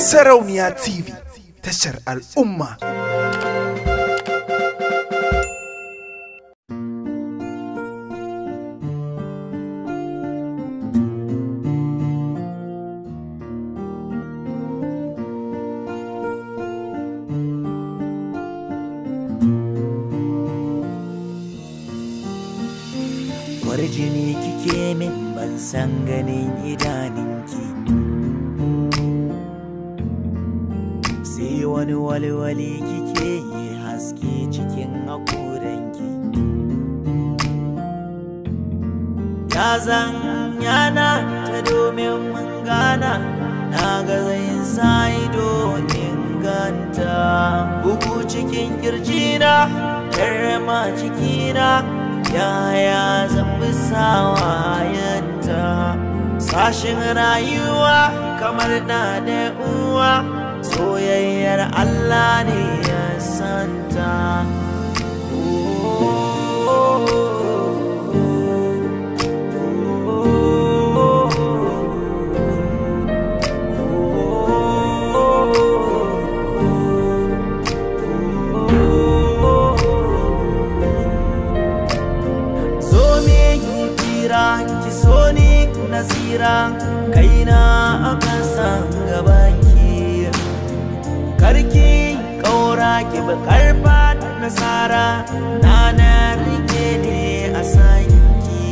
Sarauniya TV tashar al'umma. Warjini kike min ban san ganin idaninki. sai wani walwali kike yi haske cikin haƙoranki ya zan yana ta domin mun gana na ga zayin sa ido inganta bugu cikin kirjina karama cikina yaya zan bisa yanta sashin rayuwa kamar na da uwa soyayyar Allah ne ya santa Ki so ni nasira kaina a san gaban ki bi karfa nasara na na rike ne a sanki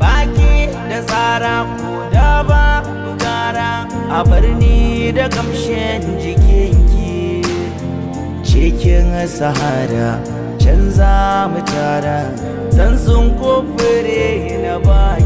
baki da tsara ko da ba gara a birni da kamshen jikinki cikin sahara canza mu tara zan sun kofure na baki